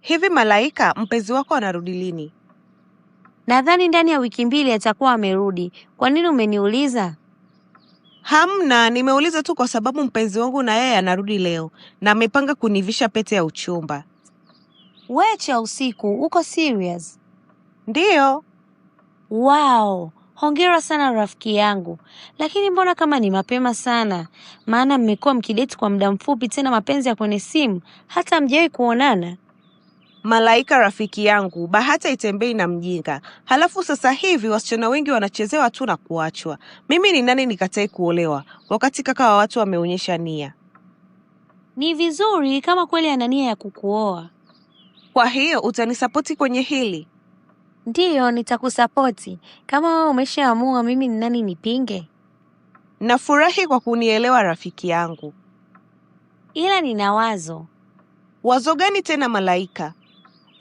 Hivi Malaika, mpenzi wako anarudi lini? Nadhani ndani ya wiki mbili atakuwa amerudi. Kwa nini umeniuliza? Hamna, nimeuliza tu kwa sababu mpenzi wangu na yeye anarudi leo na amepanga kunivisha pete ya uchumba. Wecha usiku, uko serious? Ndiyo. Wow, hongera sana rafiki yangu, lakini mbona kama ni mapema sana? Maana mmekuwa mkideti kwa muda mfupi, tena mapenzi ya kwenye simu, hata hamjawahi kuonana. Malaika rafiki yangu, bahati itembei na mjinga. Halafu sasa hivi wasichana wengi wanachezewa tu na kuachwa. Mimi ni nani nikatae kuolewa, wakati kaka wa watu wameonyesha nia? Ni vizuri kama kweli ana nia ya kukuoa. Kwa hiyo utanisapoti kwenye hili? Ndiyo, nitakusapoti kama wewe umeshaamua. Mimi ni nani nipinge? Nafurahi kwa kunielewa rafiki yangu, ila nina wazo. Wazo gani tena Malaika?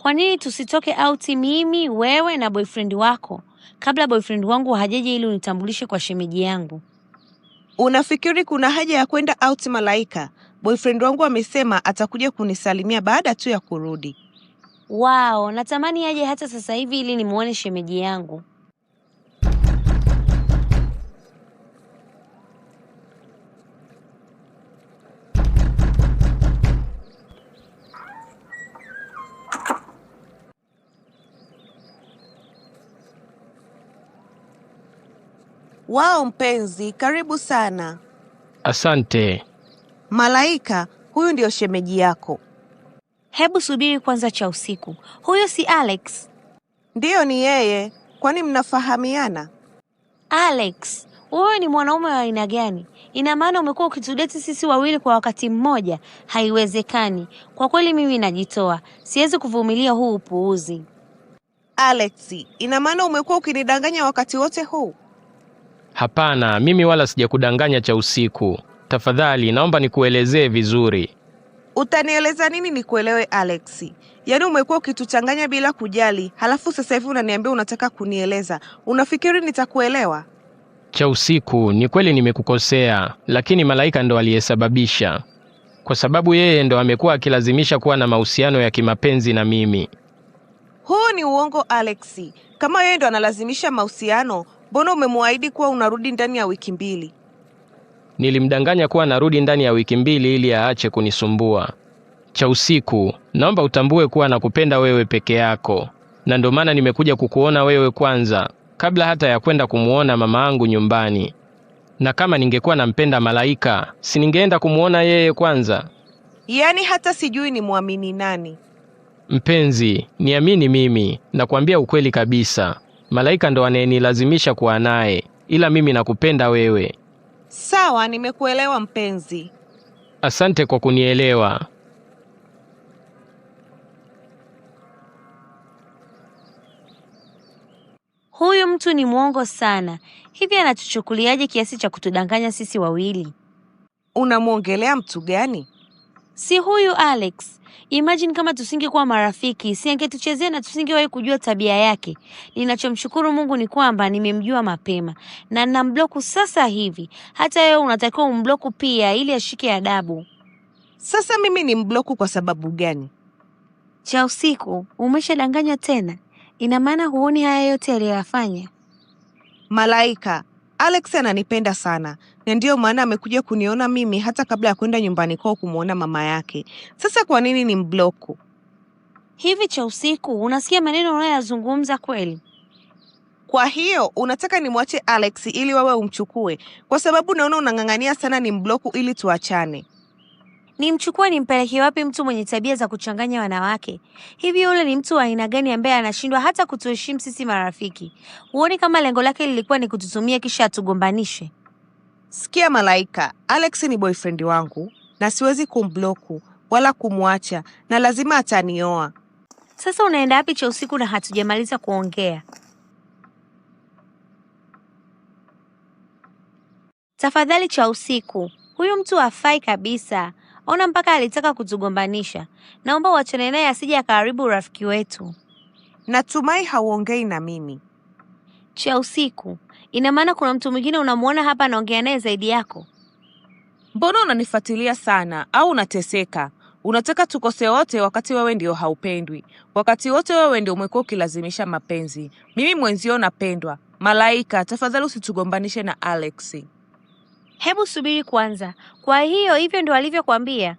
Kwa nini tusitoke auti mimi, wewe na boyfriend wako kabla boyfriend wangu hajaje ili unitambulishe kwa shemeji yangu? Unafikiri kuna haja ya kwenda auti Malaika? Boyfriend wangu amesema atakuja kunisalimia baada tu ya kurudi. Wao, natamani aje hata sasa hivi ili nimuone shemeji yangu. Wao mpenzi, karibu sana. Asante. Malaika, huyu ndiyo shemeji yako. Hebu subiri kwanza cha usiku. Huyo si Alex? Ndiyo, ni yeye. Kwani mnafahamiana? Alex, wewe ni mwanaume wa aina gani? Ina maana umekuwa ukitudeti sisi wawili kwa wakati mmoja? Haiwezekani. Kwa kweli mimi najitoa, siwezi kuvumilia huu upuuzi. Alex, ina maana umekuwa ukinidanganya wakati wote huu? Hapana, mimi wala sijakudanganya cha usiku. Tafadhali naomba nikuelezee vizuri. Utanieleza nini nikuelewe, Alexi? Yaani umekuwa ukituchanganya bila kujali, halafu sasa hivi unaniambia unataka kunieleza. Unafikiri nitakuelewa? Cha usiku, ni kweli nimekukosea, lakini Malaika ndo aliyesababisha, kwa sababu yeye ndo amekuwa akilazimisha kuwa na mahusiano ya kimapenzi na mimi. Huu ni uongo Alexi. Kama yeye ndo analazimisha mahusiano, Mbona umemwahidi kuwa unarudi ndani ya wiki mbili? Nilimdanganya kuwa narudi ndani ya wiki mbili ili aache kunisumbua. Cha usiku, naomba utambue kuwa nakupenda wewe peke yako, na ndio maana nimekuja kukuona wewe kwanza kabla hata ya kwenda kumuona mama angu nyumbani. Na kama ningekuwa nampenda Malaika, si ningeenda kumuona yeye kwanza? Yaani hata sijui ni mwamini nani. Mpenzi, niamini mimi, nakwambia ukweli kabisa. Malaika ndo anayenilazimisha kuwa naye, ila mimi nakupenda wewe. Sawa, nimekuelewa mpenzi. Asante kwa kunielewa. Huyu mtu ni mwongo sana. Hivi anatuchukuliaje kiasi cha kutudanganya sisi wawili? Unamwongelea mtu gani? si huyu Alex. Imagine kama tusingekuwa marafiki, si angetuchezea na tusingewahi kujua tabia yake. Ninachomshukuru Mungu ni kwamba nimemjua mapema na nambloku sasa hivi. Hata wewe unatakiwa umbloku pia, ili ashike adabu. Sasa mimi ni mbloku kwa sababu gani? Cha usiku umeshadanganywa tena. Ina maana huoni haya yote aliyoyafanya? Malaika, Alex ananipenda sana na ndiyo maana amekuja kuniona mimi hata kabla ya kwenda nyumbani kwao kumwona mama yake. Sasa kwa nini ni mbloku hivi? Cha usiku unasikia maneno unayoyazungumza kweli? Kwa hiyo unataka nimwache Alex ili wewe umchukue, kwa sababu naona unang'ang'ania sana ni mbloku ili tuachane. Nimchukue nimpeleke wapi mtu mwenye tabia za kuchanganya wanawake hivi? Yule ni mtu wa aina gani ambaye anashindwa hata kutuheshimu sisi marafiki? Huoni kama lengo lake lilikuwa ni kututumia kisha atugombanishe? Sikia Malaika, Alex ni boyfriend wangu na siwezi kumbloku wala kumwacha, na lazima atanioa. Sasa unaenda wapi cha usiku na hatujamaliza kuongea? Tafadhali cha usiku, huyu mtu hafai kabisa. Ona mpaka alitaka kutugombanisha. Naomba uachane naye asije akaharibu urafiki wetu. Natumai hauongei na mimi cha usiku. Ina maana kuna mtu mwingine unamwona hapa anaongea naye zaidi yako? Mbona unanifuatilia sana au unateseka? Unataka tukose wote wakati wewe ndio haupendwi, wakati wote wewe ndio umekuwa ukilazimisha mapenzi. Mimi mwenzio napendwa. Malaika, tafadhali usitugombanishe na Alexi. Hebu subiri kwanza. Kwa hiyo hivyo ndo alivyokuambia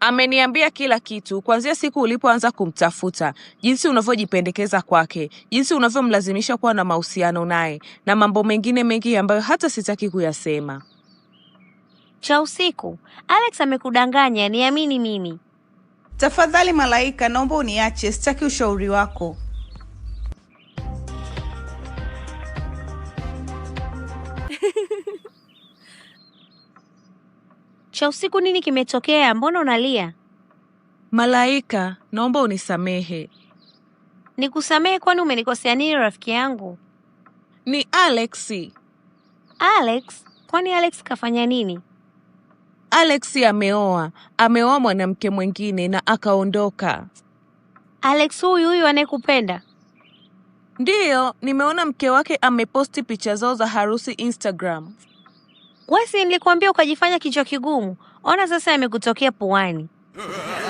Ameniambia kila kitu, kuanzia siku ulipoanza kumtafuta, jinsi unavyojipendekeza kwake, jinsi unavyomlazimisha kuwa na mahusiano naye, na mambo mengine mengi ambayo hata sitaki kuyasema. Cha usiku, Alex amekudanganya, niamini mimi. Tafadhali Malaika, naomba uniache, sitaki ushauri wako. Cha usiku nini kimetokea? Mbona unalia? Malaika, naomba unisamehe. Nikusamehe kwani umenikosea nini rafiki yangu? Ni Alexi. Alex? Kwani Alex kafanya nini? Alex ameoa, ameoa mwanamke mwingine na akaondoka. Alex huyu huyu anayekupenda? Ndiyo, nimeona mke wake ameposti picha zao za harusi Instagram. Wesi, nilikwambia ukajifanya kichwa kigumu. Ona sasa yamekutokea puani.